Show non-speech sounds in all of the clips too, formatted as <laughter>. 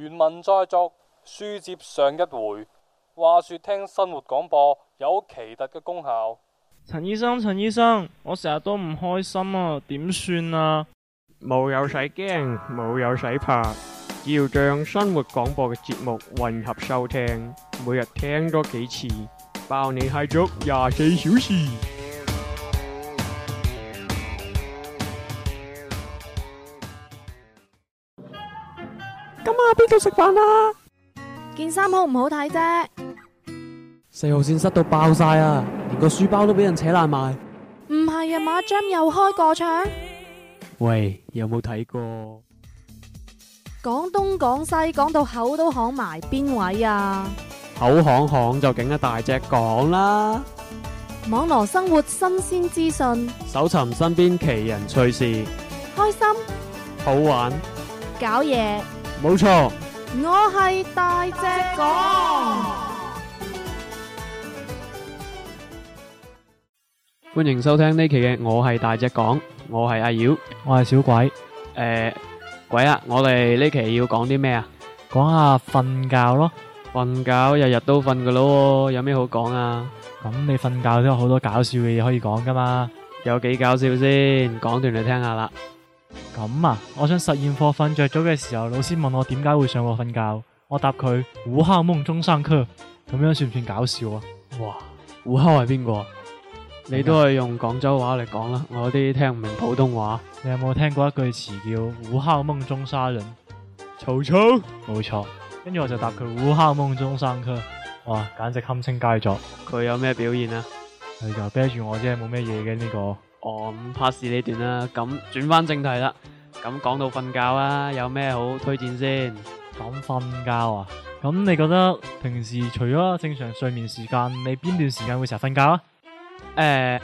原文再續，書接上一回。話說聽生活廣播有奇特嘅功效。陳醫生，陳醫生，我成日都唔開心啊，點算啊？冇有使驚，冇有使怕，只要將生活廣播嘅節目混合收聽，每日聽多幾次，包你嗨足廿四小時。都食飯啦！件衫好唔好睇啫？四號線塞到爆晒啊！連個書包都俾人扯爛埋。唔係啊，馬將又開過場。喂，有冇睇過？講東講西，講到口都響埋，邊位啊？口響響就驚一大隻講啦。網絡生活新鮮資訊，搜尋身邊奇人趣事，開心，好玩，搞嘢。冇錯，我係大隻講，歡迎收聽呢期嘅我係大隻講，我係阿妖，我係小鬼，誒，鬼啊！我哋呢期要講啲咩啊？講下瞓覺咯，瞓覺日日都瞓噶咯，有咩好講啊？咁你瞓覺都有好多搞笑嘅嘢可以講噶嘛？有幾搞笑先？講段嚟聽下啦。咁啊！我想實驗課瞓着咗嘅時候，老師問我點解會上課瞓覺？我答佢胡敲夢中殺科，咁樣算唔算搞笑啊？哇！胡敲係邊個？你都係用廣州話嚟講啦，我有啲聽唔明普通話。你有冇聽過一句詞叫胡敲夢中殺人？曹操吵，冇錯。跟住我就答佢胡敲夢中殺科，哇，簡直堪稱佳作。佢有咩表現啊？佢就啤住我啫，冇咩嘢嘅呢個。哦，唔怕事呢段啦。咁轉翻正題啦，咁講到瞓覺啊，有咩好推薦先？講瞓覺啊？咁你覺得平時除咗正常睡眠時間，你邊段時間會成日瞓覺啊？誒、欸，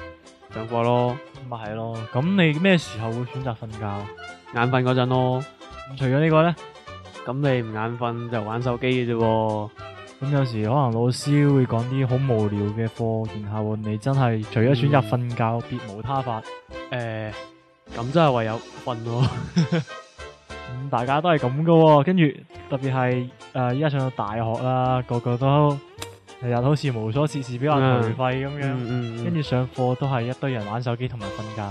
上課咯，咪係咯。咁你咩時候會選擇瞓覺？眼瞓嗰陣咯。除咗呢個咧，咁你唔眼瞓就玩手機嘅啫。咁有時可能老師會講啲好無聊嘅課，然後你真係除咗選擇瞓覺，別、嗯、無他法。誒、欸，咁真係唯有瞓咯。咁、 <laughs> 嗯、大家都係咁噶跟住特別係誒依家上到大學啦，個個都日日好似無所事事，比較頹廢咁樣。跟住、嗯嗯嗯嗯、上課都係一堆人玩手機同埋瞓覺。誒、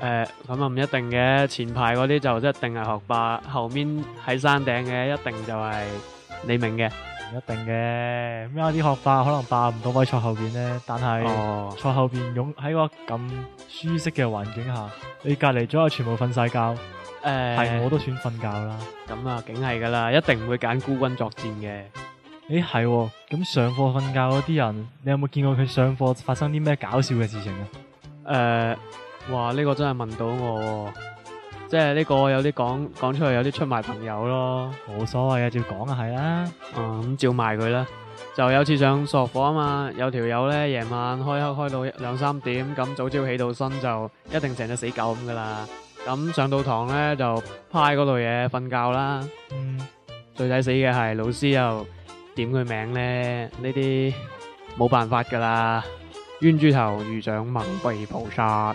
欸，咁啊唔一定嘅，前排嗰啲就一定係學霸，後面喺山頂嘅一定就係你明嘅。一定嘅，咁有啲學霸可能霸唔到位坐後面、哦、坐後邊呢，但係坐後邊，喺個咁舒適嘅環境下，你隔籬咗右全部瞓晒覺，係、欸、我都算瞓覺啦。咁啊，梗係噶啦，一定唔會揀孤軍作戰嘅。誒、欸，係、哦，咁上課瞓覺嗰啲人，你有冇見過佢上課發生啲咩搞笑嘅事情啊？誒、欸，哇，呢、這個真係問到我、哦。即係呢個有啲講講出嚟有啲出賣朋友咯，冇所謂啊，照講啊係啦，啊咁照埋佢啦。就有次上數學課啊嘛，有條友咧夜晚開黑開到兩三點，咁早朝起到身就一定成隻死狗咁噶啦。咁上到堂咧就派嗰度嘢瞓覺啦。最抵死嘅係老師又點佢名咧，呢啲冇辦法噶啦，冤豬頭遇上盟鼻菩薩。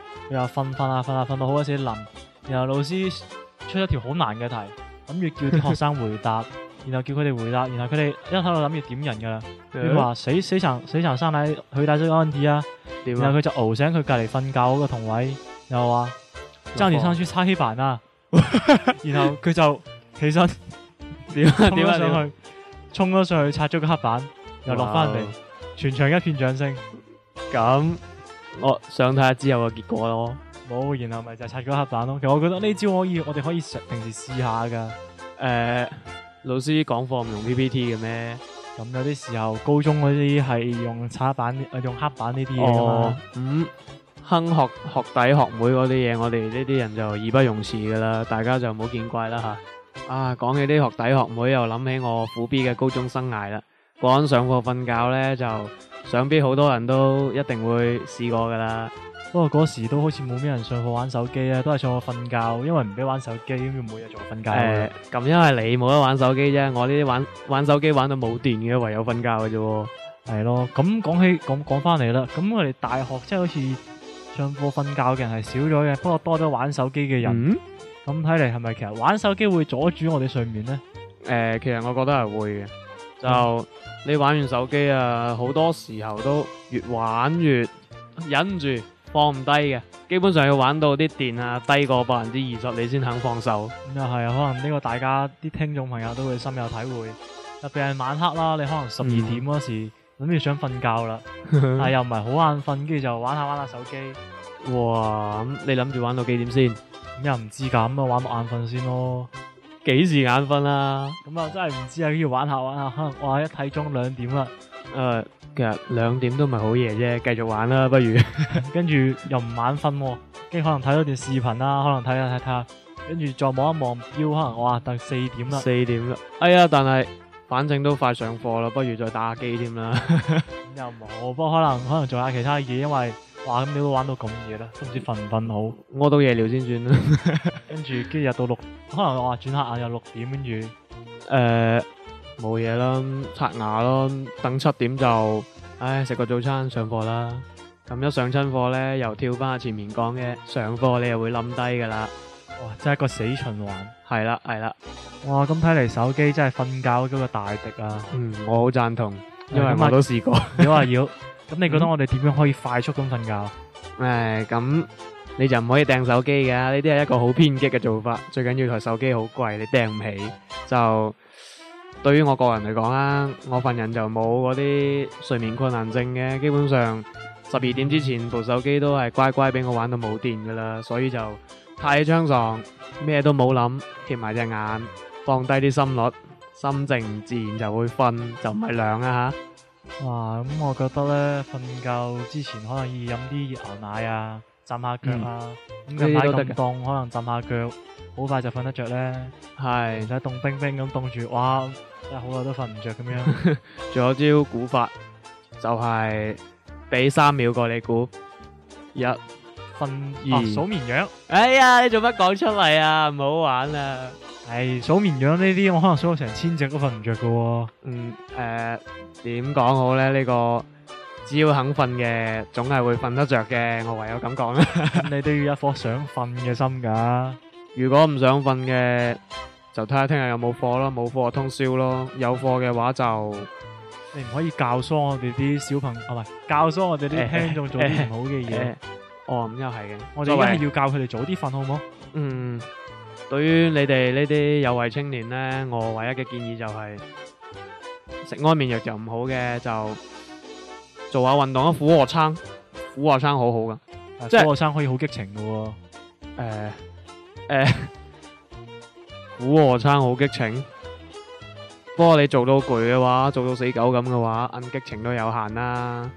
又瞓瞓下瞓下瞓到好鬼死冧，然後老師出一條好難嘅題，諗住叫啲學生回答， <laughs> 然後叫佢哋回答，然後佢哋一喺度諗住點人噶啦，佢話的死死層死層生奶，佢帶咗個安 T 啊，然後佢就熬醒佢隔籬瞓覺嗰個同位，又話爭住上去擦黑板啊，然後佢就起身，點啊點啊上去，衝咗上去拆咗個黑板，又落翻嚟，哇全場一片掌聲，咁。我想睇下之後嘅結果咯，冇、哦，然後咪就拆咗黑板咯。其實我覺得呢招可以，我哋可以平時試下噶。誒，老師講課唔用 PPT 嘅咩？咁、嗯、有啲時候高中嗰啲係用插板、呃、用黑板呢啲嘢噶嘛。嗯，哼學學弟學妹嗰啲嘢，我哋呢啲人就義不容辭噶啦，大家就唔好見怪啦吓。啊，講、啊、起啲學弟學妹，又諗起我苦逼嘅高中生涯啦。講緊上課瞓覺咧就。想必好多人都一定會試過噶啦，不過嗰時都好似冇咩人上課玩手機啊，都係上課瞓覺，因為唔俾玩手機，咁就每日就瞓覺咁、呃、因為你冇得玩手機啫，我呢啲玩玩手機玩到冇電嘅，唯有瞓覺嘅啫。係咯，咁講起咁講翻嚟啦，咁我哋大學即係好似上課瞓覺嘅人係少咗嘅，不過多咗玩手機嘅人。咁睇嚟係咪其實玩手機會阻住我哋睡眠呢？誒、呃，其實我覺得係會。就你玩完手機啊，好多時候都越玩越忍唔住放唔低嘅，基本上要玩到啲電啊低過百分之二十你先肯放手。咁、嗯、又係啊，可能呢個大家啲聽眾朋友都會深有體會，特別係晚黑啦，你可能十二點嗰時諗住、嗯、想瞓覺啦，但又唔係好眼瞓，跟住就玩下玩下手機。哇！咁你諗住玩到幾點先？咁又唔知咁啊玩到眼瞓先咯。幾時眼瞓啦？咁啊真係唔知啊，要玩下玩下，可能哇一睇鐘兩點啦。誒，其實兩點都唔係好夜啫，繼續玩啦，不如。跟住又唔眼瞓，跟住可能睇咗段視頻啦，可能睇下睇下，跟住再望一望錶，可能哇得四點啦。四點啦，哎呀，但係反正都快上課啦，不如再打下機添啦。又唔好，不過可能可能做下其他嘢，因為。哇！咁你都玩到咁夜啦，都唔知瞓唔瞓好。屙到夜尿先轉啦，跟住跟住日到六，可能我話轉黑眼又六點，跟住誒冇嘢啦，刷、呃、牙咯，等七點就，唉食個早餐上課啦。咁一上親課咧，又跳翻前面講嘅上課，你又會諗低噶啦。哇！真係個死循環，係啦係啦。哇！咁睇嚟手機真係瞓覺嗰個大敵啊。嗯，我好贊同，因為我都試過。妖啊妖。 <laughs> 咁你覺得我哋點樣可以快速咁瞓覺？誒，咁你就唔可以掟手機嘅，呢啲係一個好偏激嘅做法。最緊要台手機好貴，你掟唔起。就對於我個人嚟講啊，我份人就冇嗰啲睡眠困難症嘅，基本上十二點之前部手機都係乖乖俾我玩到冇電噶啦，所以就太張床，咩都冇諗，貼埋隻眼，放低啲心率，心靜自然就會瞓，就唔係涼啊吓。哇，咁我覺得咧，瞓覺之前可能要飲啲熱牛奶啊，浸下腳啊。咁近到咁凍，可能浸下腳，好快就瞓得着咧。係是，就係凍冰冰咁凍住，哇，真係好耐都瞓唔着咁樣。仲 <laughs> 有招估法，就係俾三秒過你估一。瞓哦，數綿羊。哎呀，你做乜講出嚟啊？唔好玩啦。係數綿羊呢啲，我可能數到成千隻都瞓唔着噶。嗯，誒，點講好咧？呢個只要肯瞓嘅，總係會瞓得着嘅。我唯有咁講啦。你都要一顆想瞓嘅心噶。如果唔想瞓嘅，就睇下聽日有冇課咯。冇課就通宵咯。有課嘅話就，你唔可以教唆我哋啲小朋友，唔係教唆我哋啲聽眾做唔好嘅嘢。哦，咁又係嘅，我哋而家係要教佢哋早啲瞓，好唔好？嗯，對於你哋呢啲有為青年咧，我唯一嘅建議就係食安眠藥就唔好嘅，就做下運動啊，俯卧撐，俯卧撐好好噶，誒，俯卧撐可以好激情嘅喎，誒誒，俯卧撐好激情，不過你做到攰嘅話，做到死狗咁嘅話，按激情都有限啦。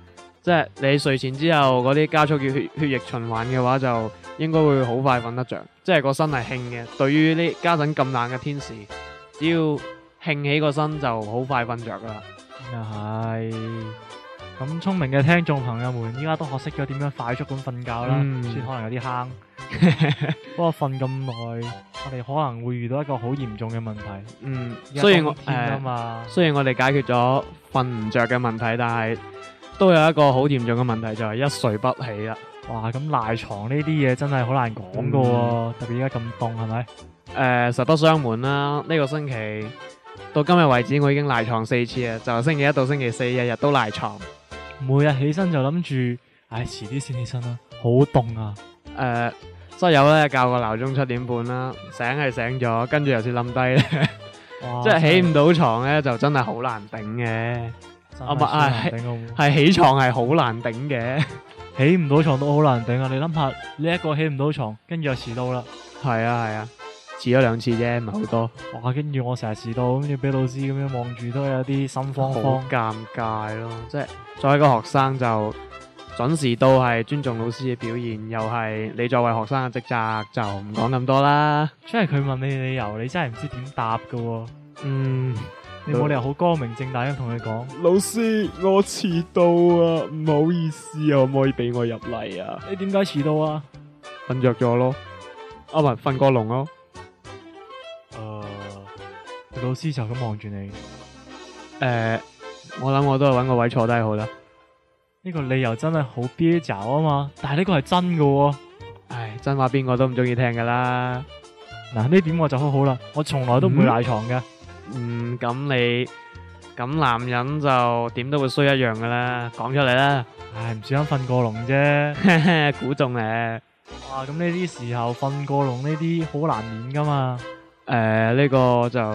即係你睡前之後嗰啲加速血血液循環嘅話，就應該會好快瞓得着。即係個身係興嘅，對於呢家陣咁冷嘅天時，只要興起個身就好快瞓着噶啦唉，係咁聰明嘅聽眾朋友們，依家都學識咗點樣快速咁瞓覺啦，雖然、嗯、可能有啲坑，不過瞓咁耐，我哋可能會遇到一個好嚴重嘅問題。嗯雖、呃，雖然我誒，雖然我哋解決咗瞓唔着嘅問題，但係。都有一個好嚴重嘅問題就係一睡不起啦，哇！咁賴床呢啲嘢真係好難講噶，特別而家咁凍係咪？誒，實不相瞞啦，呢個星期到今日為止，我已經賴床四次啊，就星期一到星期四日日都賴床，每日起身就諗住，唉，遲啲先起身啦，好凍啊！誒，室友咧較個鬧鐘七點半啦，醒係醒咗，跟住又先冧低咧，即係起唔到床咧，就真係好難頂嘅。啊唔係，起床係好難頂嘅，起唔到床都好難頂啊！你諗下呢一個起唔到床，跟住就遲到啦，係啊係啊，遲咗兩次啫，唔係好多，啊啊。哇！跟住我成日遲到，跟住俾老師咁樣望住，都有啲心慌慌，啊，尷尬咯。即係作為一個學生就準時到係尊重老師嘅表現，又係你作為學生嘅職責就唔講咁多啦。即係佢問你理由，你真係唔知點答噶，啊。嗯。你冇理由好光明正大咁同佢講，老師我遲到啊，唔好意思啊，可唔可以俾我入嚟啊？你點解遲到啊？瞓着咗咯，啊唔係瞓過籠咯，誒，老師就咁望住你，誒，uh, 我諗我都係搵個位坐低好啦。呢個理由真係好蹩腳啊嘛，但係呢個係真噶，唉，真話邊個都唔中意聽噶啦。嗱、啊，呢點我就好好啦，我從來都唔會賴床㗎。嗯嗯，咁你咁男人就點都會衰一樣噶啦，講出嚟啦！唉，唔小心瞓過龍啫，估中咧。哇，咁呢啲時候瞓過龍呢啲好難免噶嘛。誒，呢個就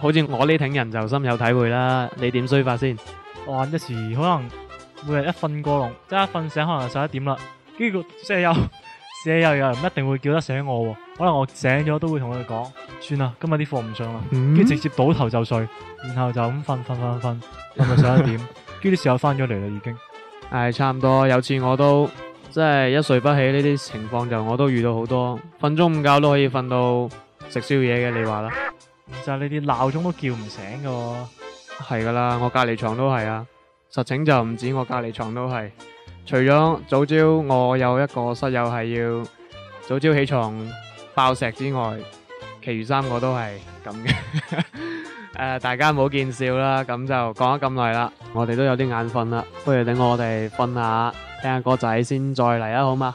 好似我呢啲人就深有體會啦。你點衰法先？哇，一時可能每日一瞓過龍，即係一瞓醒可能就十一點啦，結果舍友舍友又唔一定會叫得醒我。可能我醒咗都會同佢哋講，算啦，今日啲課唔上啦，跟、嗯、直接倒頭就睡，然後就咁瞓瞓瞓，瞓到十一點，呢啲時候翻咗嚟啦，已經係、哎、差唔多。有次我都即係一睡不起呢啲情況，就我都遇到好多。瞓中午覺都可以瞓到食宵夜嘅，你話啦？就係你啲鬧鐘都叫唔醒喎。係噶啦。我隔離床都係啊，實情就唔止我隔離床都係。除咗早朝，我有一個室友係要早朝起床。爆石之外，其餘三個都係咁嘅、 <laughs> 呃。的大家唔好見笑啦。咁就講咗咁耐啦，我哋都有啲眼瞓啦，不如等我哋瞓下，聽下歌仔先，再嚟啦，好嘛？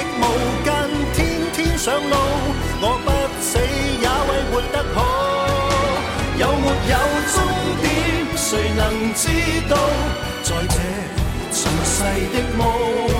亦無間天天上路，我不死也為活得好。有沒有終點，誰能知道？在這塵世的夢。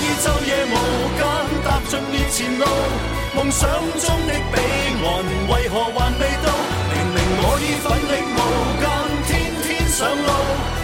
夢想中的彼岸為何還未到？明明我已奮力無間，天天上路。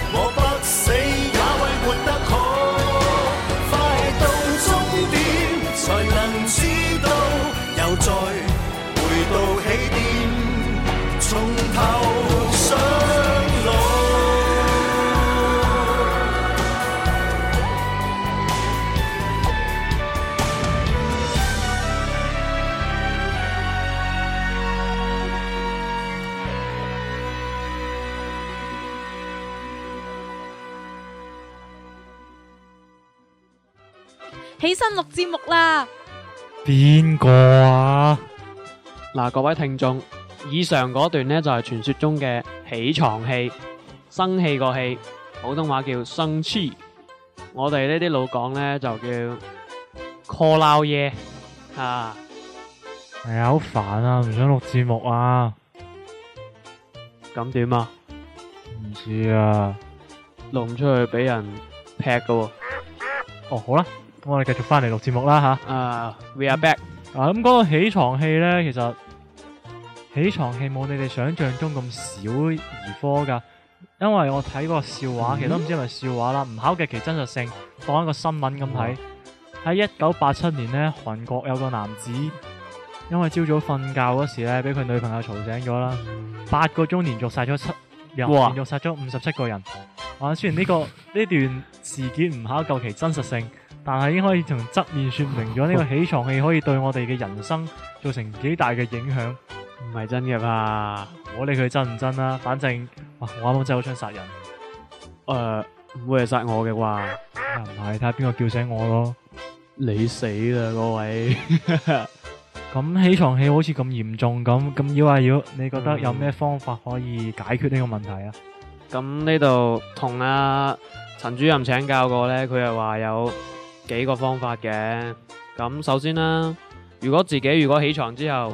新錄節目啦，邊個啊？嗱，各位聽眾，以上嗰段咧就係傳說中嘅起床氣、生氣個氣，普通話叫生氣，我哋呢啲老講咧就叫 call 鬧耶啊！係啊，好煩啊，唔想錄節目啊，咁點啊？唔知啊，錄唔出去俾人劈噶喎。哦，好啦。我哋繼續翻嚟錄節目啦吓。啊、uh，We are back。啊，咁講到起床氣咧，其實起床氣冇你哋想象中咁小兒科噶。因為我睇過笑話，其實都唔知係咪笑話啦，唔、嗯、考究其真實性，當一個新聞咁睇。喺一九八七年咧，韓國有個男子，因為朝早瞓覺嗰時咧，俾佢女朋友嘈醒咗啦，八個鐘連續殺咗七，人，連續殺咗五十七個人。哇啊，雖然呢、這個呢 <laughs> 段事件唔考究其真實性。但係已經可以從側面說明咗呢個起床氣可以對我哋嘅人生造成幾大嘅影響，唔係真嘅吧？我理佢真唔真啦，反正哇，我啱啱真係好想殺人，誒，唔會係殺我嘅啩，唔係睇下邊個叫醒我咯，你死啦，各位！咁起床氣好似咁嚴重咁，咁妖啊妖，你覺得有咩方法可以解決呢個問題啊？咁呢度同阿陳主任請教過呢，佢又話有。幾個方法嘅，咁首先啦，如果自己如果起床之後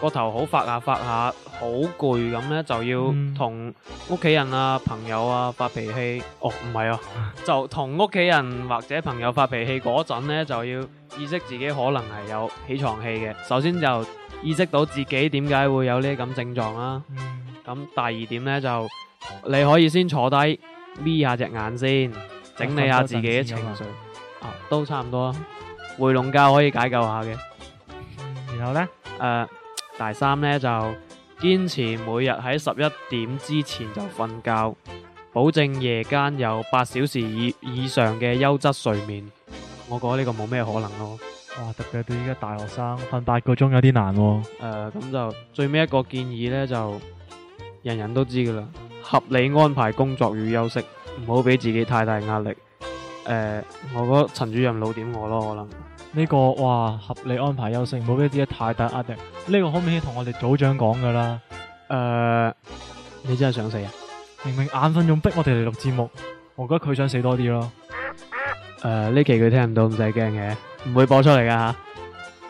個頭好發下發下，好攰咁咧，就要同屋企人啊、朋友啊發脾氣。嗯、哦，唔係啊， <laughs> 就同屋企人或者朋友發脾氣嗰陣咧，就要意識自己可能係有起床氣嘅。首先就意識到自己點解會有種狀、啊嗯、呢咁症狀啦。咁第二點咧，就你可以先坐低眯下隻眼先，整理下自己嘅情緒。啊、都差唔多，回籠覺可以解救一下嘅。然後呢，誒、呃,第三呢就堅持每日喺十一點之前就瞓覺，保證夜間有八小時以以上嘅優質睡眠。我覺得呢個冇咩可能咯。哇、啊，特別對依家大學生瞓八個鐘有啲難喎。誒、呃，咁就最尾一個建議呢，就人人都知噶啦，合理安排工作與休息，唔好俾自己太大壓力。誒、呃，我覺得陳主任老點我咯，我諗呢個哇合理安排休息，唔好俾啲太大壓力。呢、這個可唔可以同我哋組長講噶啦。誒、呃，你真係想死啊？明明眼瞓仲逼我哋嚟錄節目，我覺得佢想死多啲咯。誒、呃，呢期佢聽唔到，唔使驚嘅，唔會播出嚟噶吓。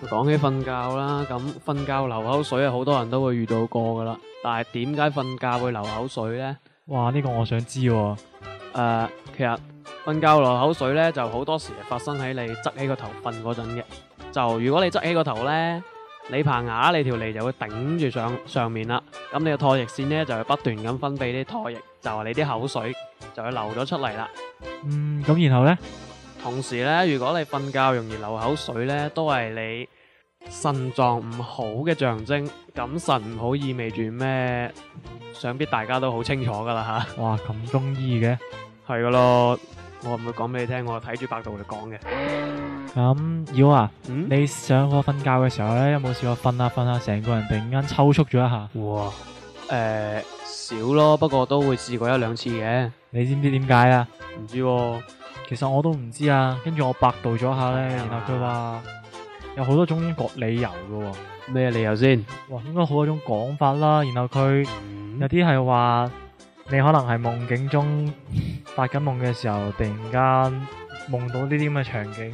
講起瞓覺啦，咁瞓覺流口水啊，好多人都會遇到過噶啦。但係點解瞓覺會流口水咧？哇、呃，呢、這個我想知喎、啊。誒、呃，其實。瞓覺流口水咧，就好多時係發生喺你側起個頭瞓嗰陣嘅。就如果你側起個頭咧，你爬牙，你條脷就會頂住上上面啦。咁你個唾液腺咧就會不斷咁分泌啲唾液，就係你啲口水就會流咗出嚟啦。嗯，咁然後咧，同時咧，如果你瞓覺容易流口水咧，都係你腎臟唔好嘅象徵。咁腎唔好意味住咩？想必大家都好清楚噶啦吓。哇，咁中醫嘅，係噶咯。我唔會講俾你聽，我係睇住百度嚟講嘅。咁，妖、嗯、啊，嗯、你上課瞓覺嘅時候咧，有冇試過瞓下瞓下，成個人突然間抽搐咗一下？哇！誒、呃，少咯，不過都會試過一兩次嘅。你知唔知點解啊？唔知，其實我都唔知啊。跟住我百度咗下咧，啊、然後佢話有好多種各理由噶。咩理由先？哇，應該好多種講法啦。然後佢、嗯、有啲係話。你可能喺夢境中發緊夢嘅時候，突然間夢到呢啲咁嘅場景，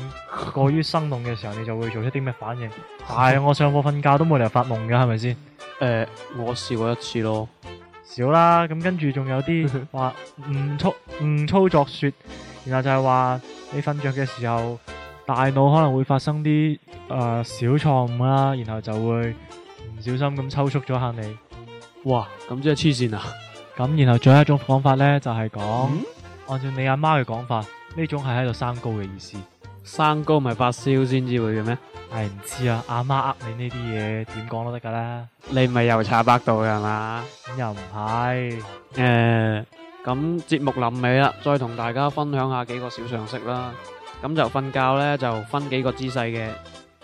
過於生動嘅時候，你就會做出啲咩反應？係，我上課瞓覺都冇理由發夢嘅，係咪先？誒、欸，我試過一次咯，少啦。咁跟住仲有啲話誤操誤操作說，然後就係話你瞓着嘅時候，大腦可能會發生啲誒、呃、小錯誤啦，然後就會唔小心咁抽搐咗下你。哇，咁即係黐線啊！咁然後仲有一種講法咧，就係講，按照你阿媽嘅講法，呢種係喺度生高嘅意思，生高咪發燒先至會嘅咩？係唔知啊，阿媽呃你呢啲嘢，點講都得噶啦。你咪又查百度嘅係嘛？咁又唔係誒？咁節目臨尾啦，再同大家分享下幾個小常識啦。咁就瞓覺咧，就分幾個姿勢嘅，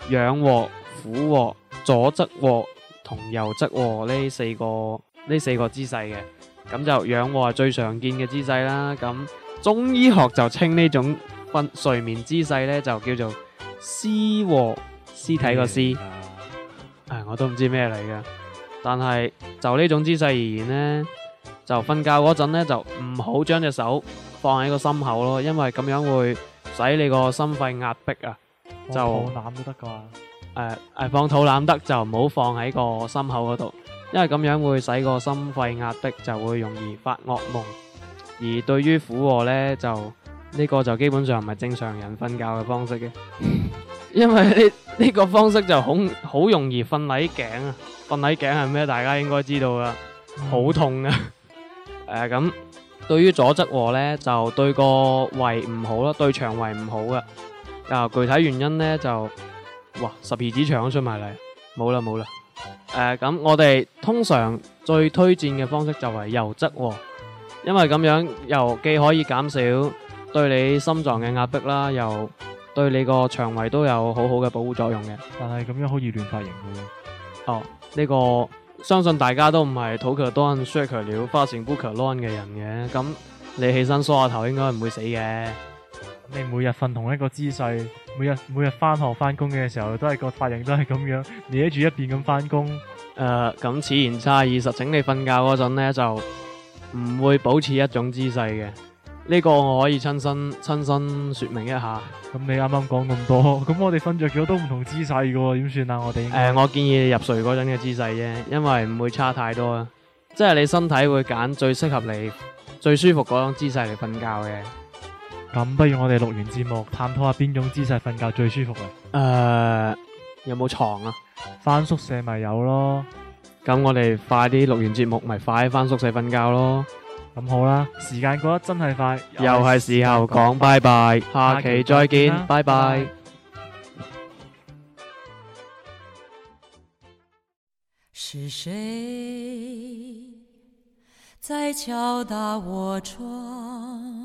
仰臥、俯臥、左側臥同右側臥呢四個呢四個姿勢嘅。咁就仰卧係最常見嘅姿勢啦。咁中醫學就稱呢種瞓睡眠姿勢咧，就叫做屍卧，屍體個屍。誒，我都唔知咩嚟嘅。但係就呢種姿勢而言咧，就瞓覺嗰陣咧，就唔好將隻手放喺個心口咯，因為咁樣會使你個心肺壓迫啊。就肚腩都得噶。誒放肚腩得、啊、就唔好放喺個心口嗰度。因為咁樣會使個心肺壓迫，就會容易發噩夢；而對於俯卧咧，就呢個就基本上唔係正常人瞓覺嘅方式嘅，因為呢呢個方式就好好容易瞓捩頸啊！瞓捩頸係咩？大家應該知道啦，好痛啊！誒，咁對於左側卧咧，就對個胃唔好咯，對腸胃唔好噶。嗱，具體原因咧就，哇，十二指腸出埋嚟，冇啦冇啦。誒，咁、呃、我哋通常最推薦嘅方式就係油質喎，因為咁樣又既可以減少對你心臟嘅壓迫啦，又對你個腸胃都有好好嘅保護作用嘅。但係咁樣好易亂髮型嘅。哦，呢、這個相信大家都唔係土殼墩 share 了花線 book long 嘅人嘅，咁你起身梳下頭應該唔會死嘅。你每日瞓同一個姿勢，每日每日返學返工嘅時候都係個髮型都係咁樣，捏住一邊咁返工。誒、呃，咁此言差矣，實情你瞓覺嗰陣呢，就唔會保持一種姿勢嘅。呢、這個我可以親身親身說明一下。咁你啱啱講咁多，咁我哋瞓着咗都唔同姿勢㗎，點算啊？我哋誒、呃，我建議你入睡嗰陣嘅姿勢啫，因為唔會差太多啊。即係你身體會揀最適合你最舒服嗰種姿勢嚟瞓覺嘅。咁不如我哋錄完節目，探討下邊種姿勢瞓覺最舒服嘅。誒，uh, 有冇床啊？翻宿舍咪有咯。咁我哋快啲錄完節目，咪快翻宿舍瞓覺咯。咁好啦，時間過得真係快，又係時候講拜拜，下期再見，啊，拜拜。是誰在敲打我窗？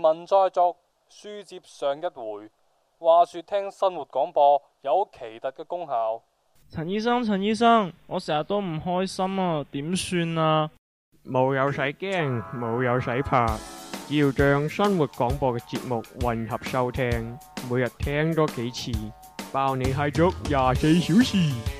文再續，書接上一回。話說，聽生活廣播有奇特嘅功效。陳醫生，陳醫生，我成日都唔開心啊，點算啊？冇有使驚，冇有使怕，只要將生活廣播嘅節目混合收聽，每日聽多幾次，包你嗨足廿四小時。